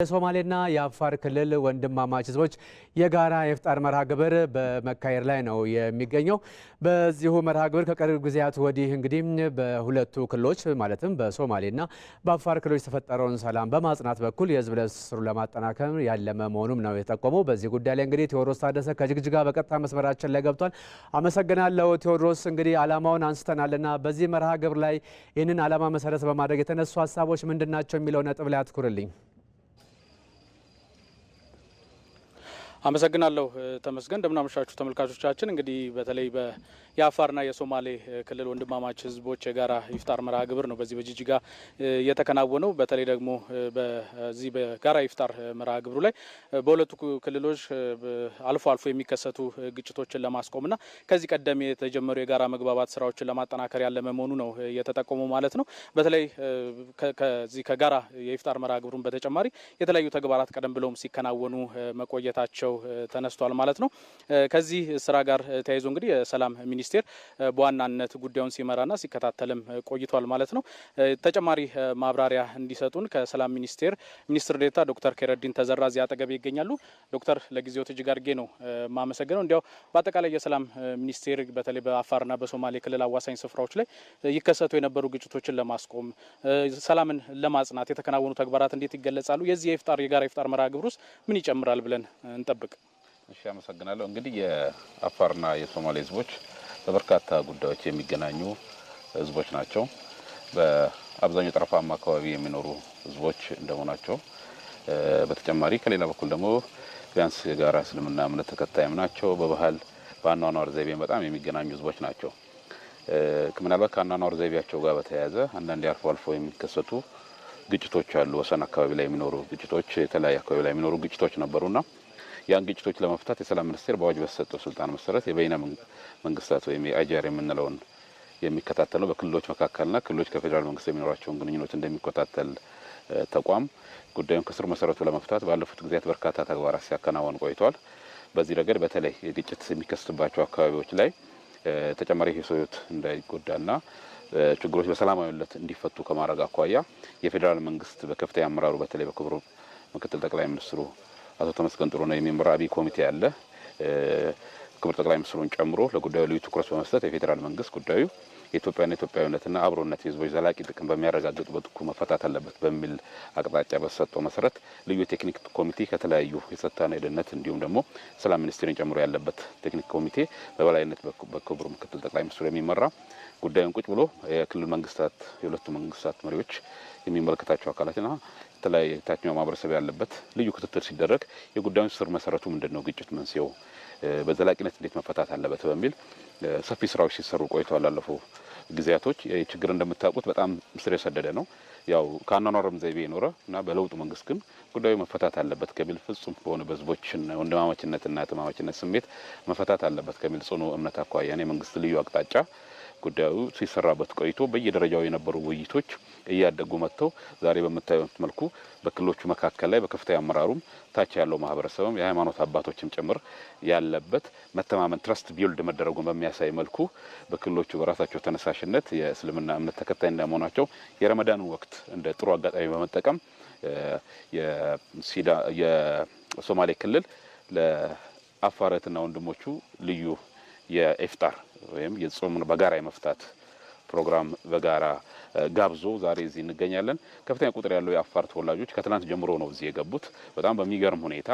የሶማሌና የአፋር ክልል ወንድማማች ህዝቦች የጋራ የፍጣር መርሃ ግብር በመካሄድ ላይ ነው የሚገኘው። በዚሁ መርሃ ግብር ከቅርብ ጊዜያት ወዲህ እንግዲህ በሁለቱ ክልሎች ማለትም በሶማሌና በአፋር ክልሎች የተፈጠረውን ሰላም በማጽናት በኩል የህዝብ ለስሩ ለማጠናከም ያለመ መሆኑም ነው የተጠቆመው። በዚህ ጉዳይ ላይ እንግዲህ ቴዎድሮስ ታደሰ ከጅግጅጋ በቀጥታ መስመራችን ላይ ገብቷል። አመሰግናለሁ ቴዎድሮስ። እንግዲህ አላማውን አንስተናልና በዚህ መርሃ ግብር ላይ ይህንን አላማ መሰረት በማድረግ የተነሱ ሀሳቦች ምንድን ናቸው የሚለው ነጥብ ላይ አትኩርልኝ። አመሰግናለሁ ተመስገን። እንደምናመሻችሁ ተመልካቾቻችን። እንግዲህ በተለይ የአፋርና የሶማሌ ክልል ወንድማማች ህዝቦች የጋራ ይፍጣር መርሃ ግብር ነው በዚህ በጅጅጋ እየተከናወነው በተለይ ደግሞ በዚህ በጋራ ይፍጣር መርሃ ግብሩ ላይ በሁለቱ ክልሎች አልፎ አልፎ የሚከሰቱ ግጭቶችን ለማስቆምና ከዚህ ቀደም የተጀመሩ የጋራ መግባባት ስራዎችን ለማጠናከር ያለ መሆኑ ነው እየተጠቆሙ ማለት ነው። በተለይ ከዚህ ከጋራ የኢፍጣር መርሃ ግብሩን በተጨማሪ የተለያዩ ተግባራት ቀደም ብለውም ሲከናወኑ መቆየታቸው ተነስቷል ማለት ነው። ከዚህ ስራ ጋር ተያይዞ እንግዲህ የሰላም ሚኒስ ሚኒስቴር በዋናነት ጉዳዩን ሲመራና ሲከታተልም ቆይቷል ማለት ነው። ተጨማሪ ማብራሪያ እንዲሰጡን ከሰላም ሚኒስቴር ሚኒስትር ዴታ ዶክተር ኬረዲን ተዘራ እዚህ አጠገብ ይገኛሉ። ዶክተር ለጊዜው እጅግ አድርጌ ነው ማመሰግነው። እንዲያው በአጠቃላይ የሰላም ሚኒስቴር በተለይ በአፋርና በሶማሌ ክልል አዋሳኝ ስፍራዎች ላይ ይከሰቱ የነበሩ ግጭቶችን ለማስቆም ሰላምን ለማጽናት የተከናወኑ ተግባራት እንዴት ይገለጻሉ? የዚህ የፍጣር የጋራ የፍጣር መርሃ ግብር ውስጥ ምን ይጨምራል ብለን እንጠብቅ? እሺ፣ አመሰግናለሁ። እንግዲህ የአፋርና የሶማሌ ህዝቦች በበርካታ ጉዳዮች የሚገናኙ ህዝቦች ናቸው። በአብዛኛው ጠረፋማ አካባቢ የሚኖሩ ህዝቦች እንደመሆናቸው በተጨማሪ ከሌላ በኩል ደግሞ ቢያንስ የጋራ እስልምና እምነት ተከታይም ናቸው። በባህል በአኗኗር ዘይቤ በጣም የሚገናኙ ህዝቦች ናቸው። ምናልባት ከአኗኗር ዘይቤያቸው ጋር በተያያዘ አንዳንድ አልፎ አልፎ የሚከሰቱ ግጭቶች አሉ። ወሰን አካባቢ ላይ የሚኖሩ ግጭቶች፣ የተለያዩ አካባቢ ላይ የሚኖሩ ግጭቶች ነበሩና ያን ግጭቶች ለመፍታት የሰላም ሚኒስቴር በአዋጅ በተሰጠው ስልጣን መሰረት የበይነ መንግስታት ወይም የአጃር የምንለውን ነው በክልሎች መካከልና ክልሎች ከፌዴራል መንግስት የሚኖራቸውን ግንኙነት እንደሚከታተል ተቋም ጉዳዩን ከስር መሰረቱ ለመፍታት ባለፉት ጊዜያት በርካታ ተግባራት ሲያከናወን ቆይቷል። በዚህ ረገድ በተለይ የግጭት የሚከሰትባቸው አካባቢዎች ላይ ተጨማሪ የሰው ሕይወት እንዳይጎዳና ችግሮች በሰላማዊነት እንዲፈቱ ከማድረግ አኳያ የፌዴራል መንግስት በከፍተኛ አመራሩ በተለይ በክቡር ምክትል ጠቅላይ ሚኒስትሩ አቶ ተመስገን ነው የሚመራ አብይ ኮሚቴ አለ። ክቡር ጠቅላይ ሚኒስትሩን ጨምሮ ለጉዳዩ ልዩ ትኩረት በመስጠት የፌዴራል መንግስት ጉዳዩ የኢትዮጵያና ኢትዮጵያዊነትና አብሮነት የህዝቦች ዘላቂ ጥቅም በሚያረጋግጥ በጥኩ መፈታት አለበት በሚል አቅጣጫ በተሰጠው መሰረት ልዩ የቴክኒክ ኮሚቴ ከተለያዩ የጸጥታና የደህንነት እንዲሁም ደግሞ ሰላም ሚኒስቴርን ጨምሮ ያለበት ቴክኒክ ኮሚቴ በበላይነት በክቡር ምክትል ጠቅላይ ሚኒስትሩ የሚመራ ጉዳዩን ቁጭ ብሎ የክልል መንግስታት የሁለቱ መንግስታት መሪዎች የሚመለከታቸው አካላትና የተለያየ የታችኛው ማህበረሰብ ያለበት ልዩ ክትትል ሲደረግ የጉዳዩን ስር መሰረቱ ምንድን ነው፣ ግጭት መንስኤው በዘላቂነት እንዴት መፈታት አለበት በሚል ሰፊ ስራዎች ሲሰሩ ቆይተዋል። ላለፉ ጊዜያቶች ችግር እንደምታውቁት በጣም ስር የሰደደ ነው። ያው ከአኗኗርም ዘይቤ የኖረ እና በለውጡ መንግስት ግን ጉዳዩ መፈታት አለበት ከሚል ፍጹም በሆነ በህዝቦች ወንድማማችነትና ትማማችነት ስሜት መፈታት አለበት ከሚል ጽኑ እምነት አኳያ የመንግስት ልዩ አቅጣጫ ጉዳዩ ሲሰራበት ቆይቶ በየደረጃው የነበሩ ውይይቶች እያደጉ መጥተው ዛሬ በምታዩት መልኩ በክልሎቹ መካከል ላይ በከፍተኛ አመራሩም ታች ያለው ማህበረሰብም የሃይማኖት አባቶችም ጭምር ያለበት መተማመን ትረስት ቢውልድ መደረጉን በሚያሳይ መልኩ በክልሎቹ በራሳቸው ተነሳሽነት የእስልምና እምነት ተከታይ እንደመሆናቸው የረመዳንን ወቅት እንደ ጥሩ አጋጣሚ በመጠቀም የሶማሌ ክልል ለአፋረትና ወንድሞቹ ልዩ የኢፍጣር ወይም የጾሙን በጋራ የመፍታት ፕሮግራም በጋራ ጋብዞ ዛሬ እዚህ እንገኛለን። ከፍተኛ ቁጥር ያለው የአፋር ተወላጆች ከትናንት ጀምሮ ነው እዚህ የገቡት። በጣም በሚገርም ሁኔታ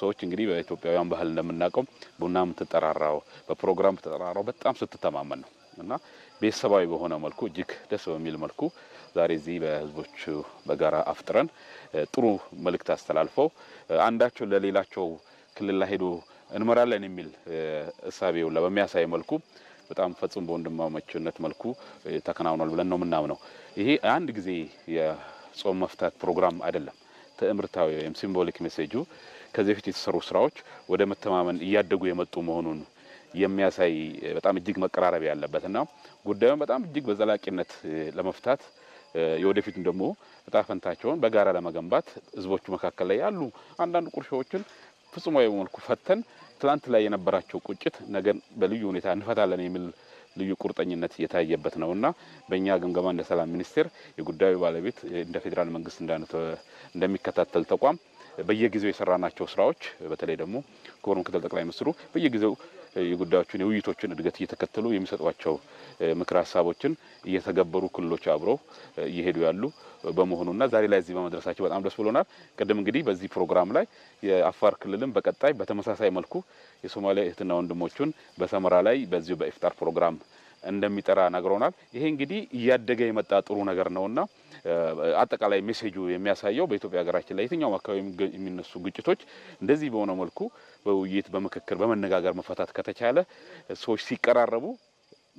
ሰዎች እንግዲህ በኢትዮጵያውያን ባህል እንደምናውቀው ቡና የምትጠራራው በፕሮግራም ተጠራራው በጣም ስትተማመን ነው እና ቤተሰባዊ በሆነ መልኩ እጅግ ደስ በሚል መልኩ ዛሬ እዚህ በህዝቦቹ በጋራ አፍጥረን ጥሩ መልእክት አስተላልፈው አንዳቸው ለሌላቸው ክልል ሄዶ እንመራለን የሚል እሳቤው በሚያሳይ መልኩ በጣም ፈጽሞ በወንድማማችነት መልኩ ተከናውኗል ብለን ነው የምናምነው። ይሄ አንድ ጊዜ የጾም መፍታት ፕሮግራም አይደለም። ትምህርታዊ ወይም ሲምቦሊክ ሜሴጁ ከዚህ በፊት የተሰሩ ስራዎች ወደ መተማመን እያደጉ የመጡ መሆኑን የሚያሳይ በጣም እጅግ መቀራረብ ያለበት እና ጉዳዩን በጣም እጅግ በዘላቂነት ለመፍታት የወደፊቱን ደግሞ እጣ ፈንታቸውን በጋራ ለመገንባት ህዝቦቹ መካከል ላይ ያሉ አንዳንድ ቁርሾዎችን ፍጹማዊ መልኩ ፈተን ትላንት ላይ የነበራቸው ቁጭት ነገን በልዩ ሁኔታ እንፈታለን የሚል ልዩ ቁርጠኝነት የታየበት ነው እና በእኛ ግምገማ እንደ ሰላም ሚኒስቴር የጉዳዩ ባለቤት እንደ ፌዴራል መንግስት እንደሚከታተል ተቋም በየጊዜው የሰራናቸው ስራዎች በተለይ ደግሞ ክቡር ምክትል ጠቅላይ ሚኒስትሩ በየጊዜው የጉዳዮችን የውይይቶችን እድገት እየተከተሉ የሚሰጧቸው ምክር ሀሳቦችን እየተገበሩ ክልሎች አብረው እየሄዱ ያሉ በመሆኑና ዛሬ ላይ እዚህ በመድረሳቸው በጣም ደስ ብሎናል። ቅድም እንግዲህ በዚህ ፕሮግራም ላይ የአፋር ክልልም በቀጣይ በተመሳሳይ መልኩ የሶማሊያ እህትና ወንድሞቹን በሰመራ ላይ በዚሁ በኢፍጣር ፕሮግራም እንደሚጠራ ነግሮናል። ይሄ እንግዲህ እያደገ የመጣ ጥሩ ነገር ነውና አጠቃላይ ሜሴጁ የሚያሳየው በኢትዮጵያ ሀገራችን ላይ የትኛውም አካባቢ የሚነሱ ግጭቶች እንደዚህ በሆነ መልኩ በውይይት፣ በምክክር፣ በመነጋገር መፈታት ከተቻለ ሰዎች ሲቀራረቡ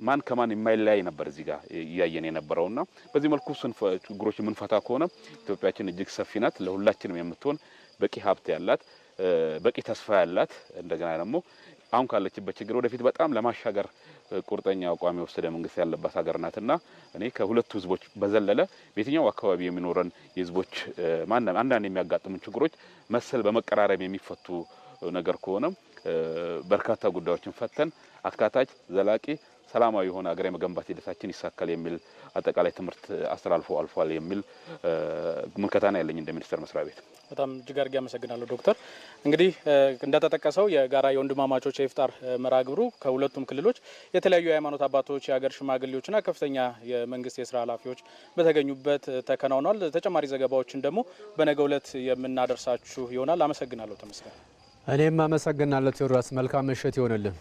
ማን ከማን የማይለያይ ነበር እዚህ ጋር እያየን የነበረውና በዚህ መልኩ ችግሮች የምንፈታ ከሆነ ኢትዮጵያችን እጅግ ሰፊ ናት፣ ለሁላችንም የምትሆን በቂ ሀብት ያላት በቂ ተስፋ ያላት እንደገና ደግሞ አሁን ካለችበት ችግር ወደፊት በጣም ለማሻገር ቁርጠኛ አቋም የወሰደ መንግስት ያለባት ሀገር ናትና እኔ ከሁለቱ ህዝቦች በዘለለ በየትኛው አካባቢ የሚኖረን የህዝቦች አንዳንድ የሚያጋጥሙን ችግሮች መሰል በመቀራረብ የሚፈቱ ነገር ከሆነ በርካታ ጉዳዮችን ፈተን አካታች ዘላቂ ሰላማዊ የሆነ ሀገር የመገንባት ሂደታችን ይሳካል የሚል አጠቃላይ ትምህርት አስተላልፎ አልፏል የሚል ምልከታና ያለኝ እንደ ሚኒስቴር መስሪያ ቤት። በጣም እጅግ አድርጌ አመሰግናለሁ ዶክተር። እንግዲህ እንደተጠቀሰው የጋራ የወንድማማቾች የኢፍጣር መርሃ ግብሩ ከሁለቱም ክልሎች የተለያዩ የሃይማኖት አባቶች፣ የሀገር ሽማግሌዎችና ከፍተኛ የመንግስት የስራ ኃላፊዎች በተገኙበት ተከናውኗል። ተጨማሪ ዘገባዎችን ደግሞ በነገው ዕለት የምናደርሳችሁ ይሆናል። አመሰግናለሁ ተመስገን። እኔም አመሰግናለሁ ቴዎድሮስ። መልካም ምሽት ይሆንልን።